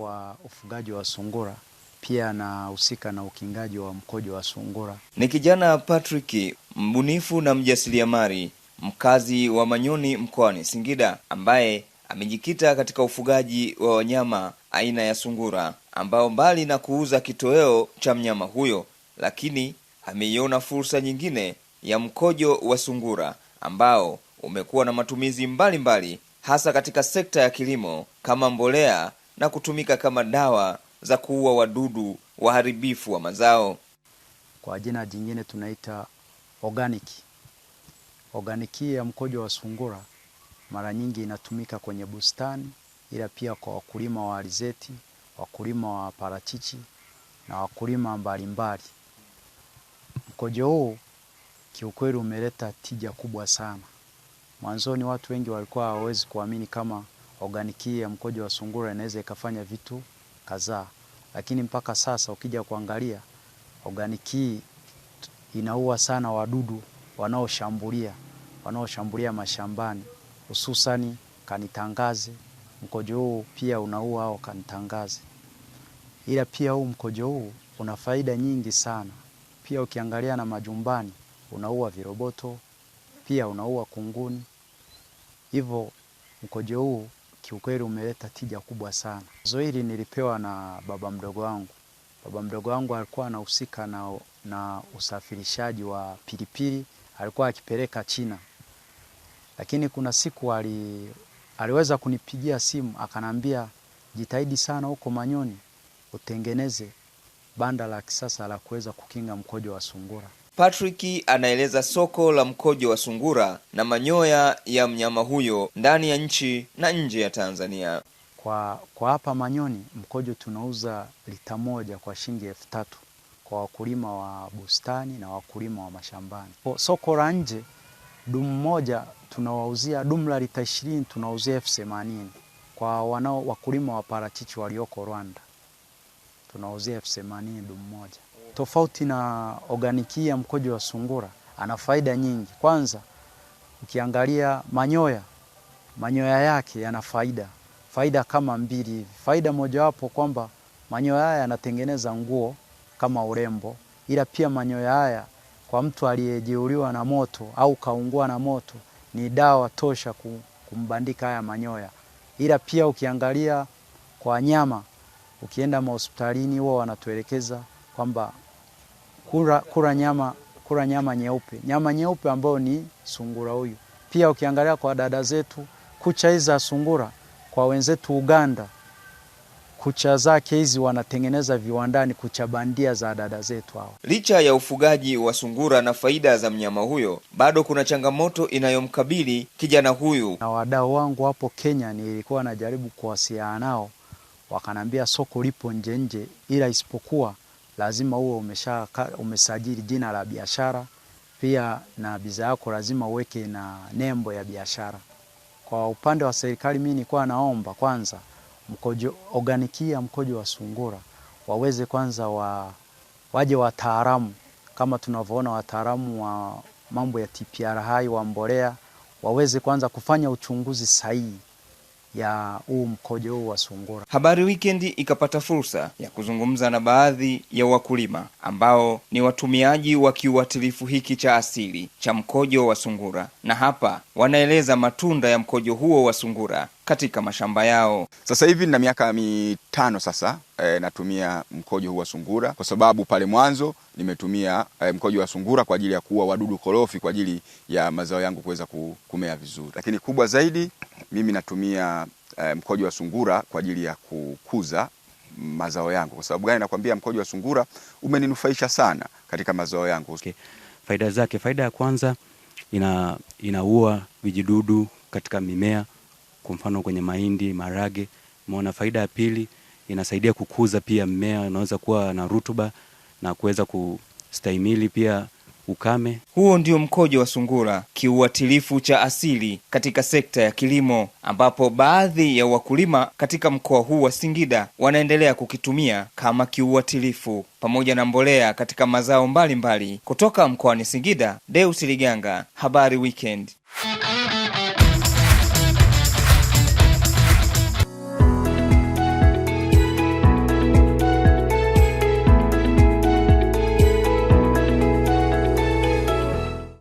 wa ufugaji wa sungura pia anahusika na ukingaji wa mkojo wa sungura. Ni kijana Patrick, mbunifu na mjasiriamali, mkazi wa Manyoni mkoani Singida, ambaye amejikita katika ufugaji wa wanyama aina ya sungura, ambao mbali na kuuza kitoweo cha mnyama huyo, lakini ameiona fursa nyingine ya mkojo wa sungura ambao umekuwa na matumizi mbalimbali mbali, hasa katika sekta ya kilimo kama mbolea na kutumika kama dawa za kuua wadudu waharibifu wa mazao. Kwa jina jingine tunaita organic. Organic ya mkojo wa sungura mara nyingi inatumika kwenye bustani, ila pia kwa wakulima wa alizeti, wakulima wa parachichi na wakulima mbalimbali. Mkojo huu kiukweli umeleta tija kubwa sana. Mwanzoni watu wengi walikuwa hawawezi kuamini kama organiki ya mkojo wa sungura inaweza ikafanya vitu kadhaa, lakini mpaka sasa ukija kuangalia organiki inaua sana wadudu wanaoshambulia wanaoshambulia mashambani hususani kanitangazi. Mkojo huu pia unaua au kanitangaze, ila pia huu mkojo huu una faida nyingi sana. Pia ukiangalia na majumbani, unaua viroboto, pia unaua kunguni. Hivyo mkojo huu kiukweli umeleta tija kubwa sana. Zoezi hili nilipewa na baba mdogo wangu. Baba mdogo wangu alikuwa anahusika na, na usafirishaji wa pilipili, alikuwa akipeleka China, lakini kuna siku ali, aliweza kunipigia simu akanambia, jitahidi sana huko Manyoni utengeneze banda la kisasa la kuweza kukinga mkojo wa sungura. Patrick anaeleza soko la mkojo wa sungura na manyoya ya mnyama huyo ndani ya nchi na nje ya Tanzania. Kwa, kwa hapa Manyoni mkojo tunauza lita moja kwa shilingi elfu tatu kwa wakulima wa bustani na wakulima wa mashambani. Kwa soko la nje dumu moja tunawauzia dumu la lita ishirini tunawauzia elfu themanini kwa wanao wakulima wa parachichi walioko Rwanda tunawauzia elfu themanini dumu moja tofauti na oganiki ya mkojo wa sungura, ana faida nyingi. Kwanza ukiangalia manyoya, manyoya yake yana faida faida kama mbili hivi. Faida mojawapo kwamba manyoya haya yanatengeneza nguo kama urembo, ila pia manyoya haya kwa mtu aliyejeuliwa na moto au kaungua na moto ni dawa tosha kumbandika haya manyoya. Ila pia ukiangalia kwa nyama ukienda mahospitalini wao wanatuelekeza kwamba kula, kula nyama kula nyama nyeupe, nyama nyeupe ambayo ni sungura huyu. Pia ukiangalia kwa dada zetu, kucha hizi za sungura kwa wenzetu Uganda, kucha zake hizi wanatengeneza viwandani, kucha bandia za dada zetu hao. Licha ya ufugaji wa sungura na faida za mnyama huyo, bado kuna changamoto inayomkabili kijana huyu. Na wadau wangu hapo Kenya nilikuwa najaribu kuwasiliana nao, wakanambia soko lipo nje nje, ila isipokuwa lazima uwe umesha umesajili jina la biashara, pia na bidhaa yako lazima uweke na nembo ya biashara. Kwa upande wa serikali, mimi nilikuwa naomba kwanza mkojo organikia, mkojo wa sungura waweze kwanza wa, waje wataalamu kama tunavyoona wataalamu wa mambo ya TPR hai wa mbolea waweze kwanza kufanya uchunguzi sahihi ya huu mkojo huu wa sungura. Habari Wikendi ikapata fursa ya kuzungumza na baadhi ya wakulima ambao ni watumiaji wa kiuatilifu hiki cha asili cha mkojo wa sungura, na hapa wanaeleza matunda ya mkojo huo wa sungura katika mashamba yao. Sasa hivi nina miaka mitano sasa e, natumia mkojo huu wa sungura kwa sababu pale mwanzo nimetumia e, mkojo wa sungura kwa ajili ya kuua wadudu korofi kwa ajili ya mazao yangu kuweza kumea vizuri, lakini kubwa zaidi mimi natumia eh, mkojo wa sungura kwa ajili ya kukuza mazao yangu. Kwa sababu gani nakwambia mkojo wa sungura umeninufaisha sana katika mazao yangu? Okay. Faida zake, faida ya kwanza ina inaua vijidudu katika mimea, kwa mfano kwenye mahindi, marage. Umeona. Faida ya pili inasaidia kukuza pia mmea, unaweza kuwa na rutuba na kuweza kustahimili pia ukame. Huo ndio mkojo wa sungura, kiuatilifu cha asili katika sekta ya kilimo, ambapo baadhi ya wakulima katika mkoa huu wa Singida wanaendelea kukitumia kama kiuatilifu pamoja na mbolea katika mazao mbalimbali mbali. Kutoka mkoani Singida, Deus Liganga, Habari Weekend.